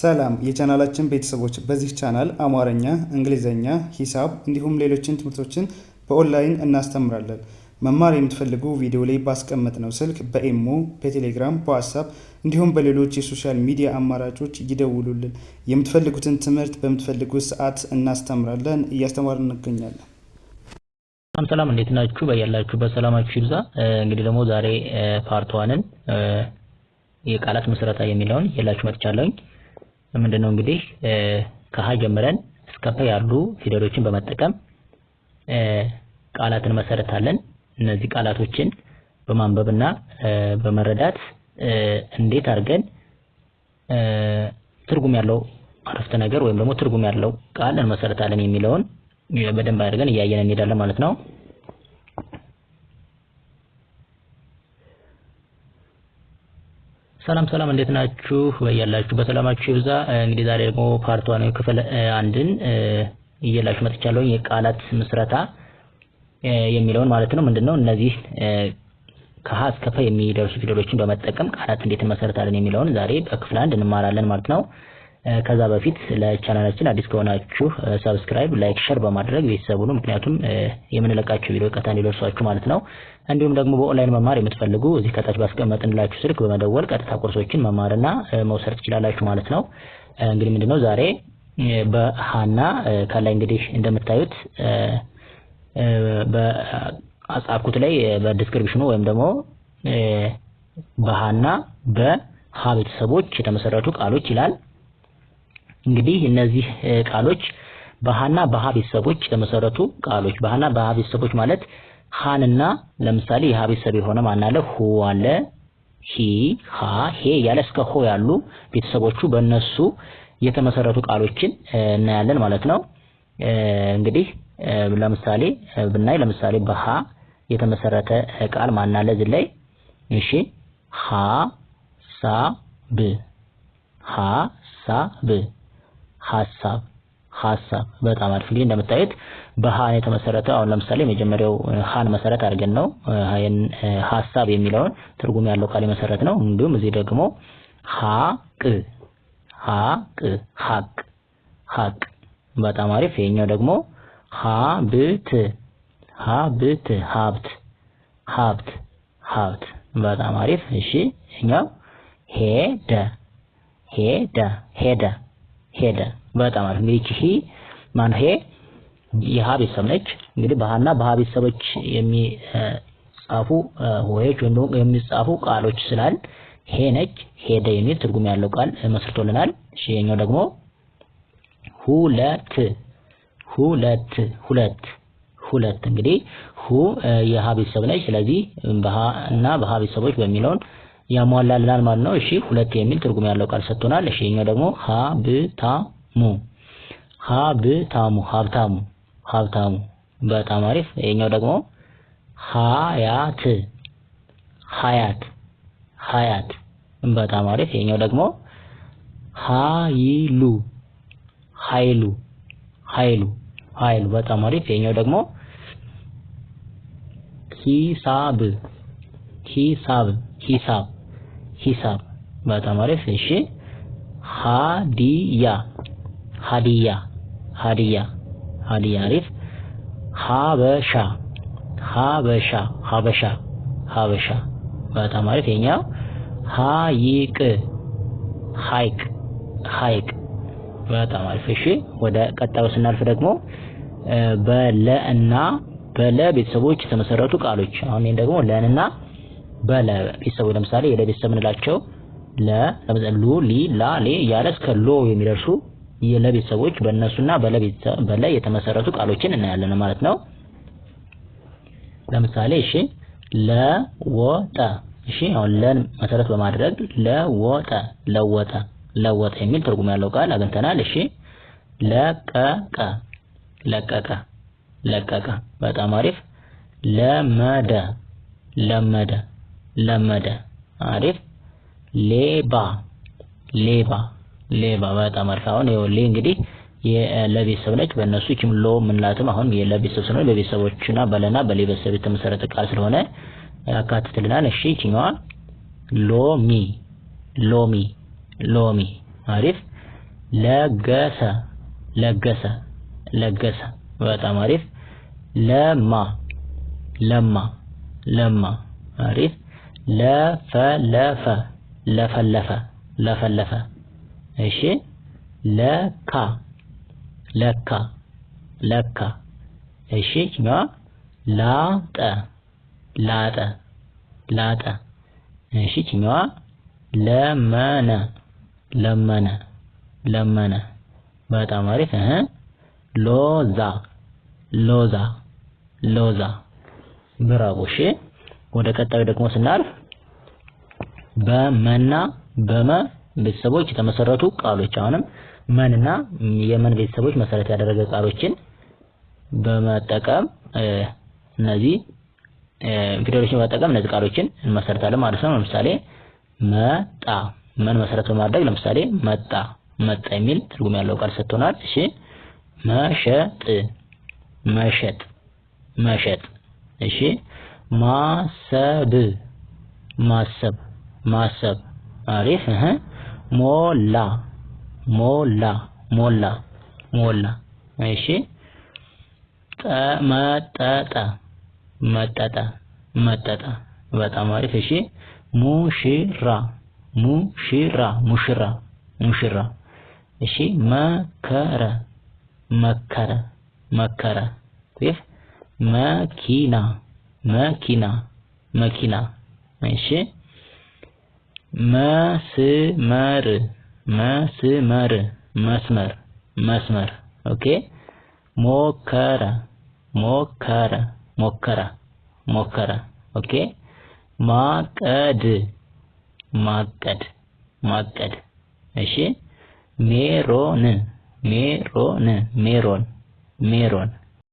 ሰላም የቻናላችን ቤተሰቦች፣ በዚህ ቻናል አማርኛ፣ እንግሊዝኛ፣ ሂሳብ እንዲሁም ሌሎችን ትምህርቶችን በኦንላይን እናስተምራለን። መማር የምትፈልጉ ቪዲዮ ላይ ባስቀመጥነው ስልክ በኢሞ፣ በቴሌግራም፣ በዋትሳፕ እንዲሁም በሌሎች የሶሻል ሚዲያ አማራጮች ይደውሉልን። የምትፈልጉትን ትምህርት በምትፈልጉት ሰዓት እናስተምራለን፣ እያስተማርን እንገኛለን። ሰላም ሰላም፣ እንዴት ናችሁ? በያላችሁበት ሰላማችሁ ይብዛ። እንግዲህ ደግሞ ዛሬ ፓርት ዋንን የቃላት ምስረታ የሚለውን የላችሁ መጥቻለሁኝ ምንድነው እንግዲህ ከሀ ጀምረን እስከ ፐ ያሉ ፊደሎችን በመጠቀም ቃላትን መሰረታለን። እነዚህ ቃላቶችን በማንበብና በመረዳት እንዴት አድርገን ትርጉም ያለው አረፍተ ነገር ወይም ደግሞ ትርጉም ያለው ቃል እንመሰረታለን የሚለውን በደንብ አድርገን እያየን እንሄዳለን ማለት ነው። ሰላም ሰላም እንዴት ናችሁ? በያላችሁ በሰላማችሁ ይብዛ። እንግዲህ ዛሬ ደግሞ ፓርት ዋን ክፍል አንድን እየላችሁ መጥቻለሁ። የቃላት ምስረታ የሚለውን ማለት ነው። ምንድነው እነዚህ ከሀ እስከ ፐ የሚደርሱ ፊደሎችን በመጠቀም ቃላት እንዴት እንመሰርታለን የሚለውን ዛሬ በክፍል አንድ እንማራለን ማለት ነው። ከዛ በፊት ለቻናላችን አዲስ ከሆናችሁ ሰብስክራይብ፣ ላይክ፣ ሸር በማድረግ ቤተሰቡ ምክንያቱም የምንለቃችሁ ቪዲዮ ቀጥታ እንዲደርሷችሁ ማለት ነው። እንዲሁም ደግሞ በኦንላይን መማር የምትፈልጉ እዚህ ከታች ባስቀመጥንላችሁ ስልክ በመደወል ቀጥታ ኮርሶችን መማርና መውሰድ ትችላላችሁ ማለት ነው። እንግዲህ ምንድነው ዛሬ በሃና ከላይ እንግዲህ እንደምታዩት በአጻፍኩት ላይ በዲስክሪፕሽኑ ወይም ደግሞ በሃና በሀ ቤተሰቦች የተመሰረቱ ቃሎች ይላል። እንግዲህ እነዚህ ቃሎች በሃና በሃ ቤተሰቦች የተመሰረቱ ቃሎች በሃና በሃ ቤተሰቦች ማለት ሃንና ለምሳሌ የሃ ቤተሰብ የሆነ ማናለ አለ ሁ አለ ሂ ሃ ሄ ያለ እስከ ሆ ያሉ ቤተሰቦቹ በእነሱ የተመሰረቱ ቃሎችን እናያለን ማለት ነው። እንግዲህ ለምሳሌ ብናይ ለምሳሌ በሃ የተመሰረተ ቃል ማናለ እዚህ ላይ? እሺ ሃ ሳ ብ ሃ ሳ ብ ሀሳብ ሀሳብ በጣም አሪፍ እንግዲህ እንደምታዩት በሃን የተመሰረተው አሁን ለምሳሌ የመጀመሪያው ሃን መሰረት አድርገን ነው ሀሳብ የሚለውን ትርጉም ያለው ቃል መሰረት ነው። እንዲሁም እዚህ ደግሞ ሀቅ ሀቅ ሀቅ ሀቅ በጣም አሪፍ። ይሄኛው ደግሞ ሀብት ሀብት ሀብት ሀብት ሀብት በጣም አሪፍ። እሺ ይሄኛው ሄደ ሄደ ሄደ ሄደ በጣም አሪፍ እንግዲህ ቺ ማን ሄ የሀ ቤተሰብ ነች እንግዲህ በሀና በሀ ቤተሰቦች የሚጻፉ ሆሄዎች ወይም ደግሞ የሚጻፉ ቃሎች ስላል ሄ ነች ሄደ የሚል ትርጉም ያለው ቃል መስርቶልናል እሺ የኛው ደግሞ ሁለት ሁለት ሁለት ሁለት እንግዲህ ሁ የሀ ቤተሰብ ነች ስለዚህ በሀ እና በሀ ቤተሰቦች በሚለውን ያሟላልናል ማለት ነው። እሺ ሁለት የሚል ትርጉም ያለው ቃል ሰጥቶናል። እሺ ይሄኛው ደግሞ ሀብታሙ ሀብታሙ ሀብታሙ ሀብታሙ በጣም አሪፍ። የኛው ደግሞ ሀያት ሀያት ሀያት በጣም አሪፍ። ይሄኛው ደግሞ ሀይሉ ሀይሉ ሀይሉ ሀይሉ በጣም አሪፍ። የኛው ደግሞ ሂሳብ ሂሳብ ሂሳብ ሂሳብ በተማሪፍ እሺ ሀዲያ ሀዲያ ሀዲያ ሀዲያ አሪፍ ሀበሻ ሀበሻ ሀበሻ ሀበሻ በጣም አሪፍ የኛው ሀይቅ ሀይቅ ሀይቅ በጣም አሪፍ እሺ ወደ ቀጣዩ ስናልፍ ደግሞ በለ እና በለ ቤተሰቦች የተመሰረቱ ቃሎች አሁን ደግሞ ለንና በለ ቤተሰቡ ለምሳሌ የለ ቤተሰብ ምንላቸው ለ ሉ ሊ ላ ሌ እያለ እስከ ሎ የሚደርሱ የለ ቤተሰቦች በእነሱና በለ የተመሰረቱ ቃሎችን እናያለን ማለት ነው። ለምሳሌ እሺ ለወጠ። እሺ አሁን ለን መሰረት በማድረግ ለወጠ ለወጠ ለወጠ የሚል ትርጉም ያለው ቃል አግኝተናል። እሺ ለቀቀ ለቀቀ ለቀቀ በጣም አሪፍ ለመደ ለመደ ለመደ። አሪፍ። ሌባ ሌባ ሌባ በጣም አሪፍ። አሁን ይኸው ሌ እንግዲህ ለቤተሰብ ነች። በእነሱ ይችም ሎ ምንላትም አሁን ለቤተሰብ ስለሆነ በቤተሰቦችና በለና በሌበሰብ የተመሰረተ ቃል ስለሆነ ያካትትልናል። እሺ ይችኛዋ ሎሚ ሎሚ ሎሚ አሪፍ። ለገሰ ለገሰ ለገሰ በጣም አሪፍ። ለማ ለማ ለማ አሪፍ ለፈለፈ ለፈለፈ ለፈለፈ። እሺ ለካ ለካ ለካ። እሺ ችኛዋ ላጠ ላጠ ላጠ። እሺ ችኛዋ ለመነ ለመነ ለመነ። በጣም አሪፍ እህ ሎዛ ሎዛ ሎዛ። ብራቮ። እሺ ወደ ቀጣዩ ደግሞ ስናልፍ በመና በመ ቤተሰቦች የተመሰረቱ ቃሎች አሁንም መንና የመን ቤተሰቦች መሰረት ያደረገ ቃሎችን በመጠቀም እነዚህ ፊደሎችን በመጠቀም እነዚህ ቃሎችን እንመሰርታለን ማለት ነው። ለምሳሌ መጣ መን መሰረት በማድረግ ለምሳሌ መጣ መጣ የሚል ትርጉም ያለው ቃል ሰጥቶናል። እሺ መሸጥ መሸጥ መሸጥ እሺ ማሰብ ማሰብ ማሰብ አሪፍ እህ ሞላ ሞላ ሞላ ሞላ እሺ መጠጠ መጠጠ መጠጠ በጣም አሪፍ እሺ ሙሽራ ሙሽራ ሙሽራ ሙሽራ እሺ መከረ መከረ መከረ ይህ መኪና መኪና መኪና እሺ መስመር መስመር መስመር መስመር ኦኬ ሞከረ ሞከረ ሞከረ ሞከረ ኦኬ ማቀድ ማቀድ ማቀድ እሺ ሜሮን ሜሮን ሜሮን ሜሮን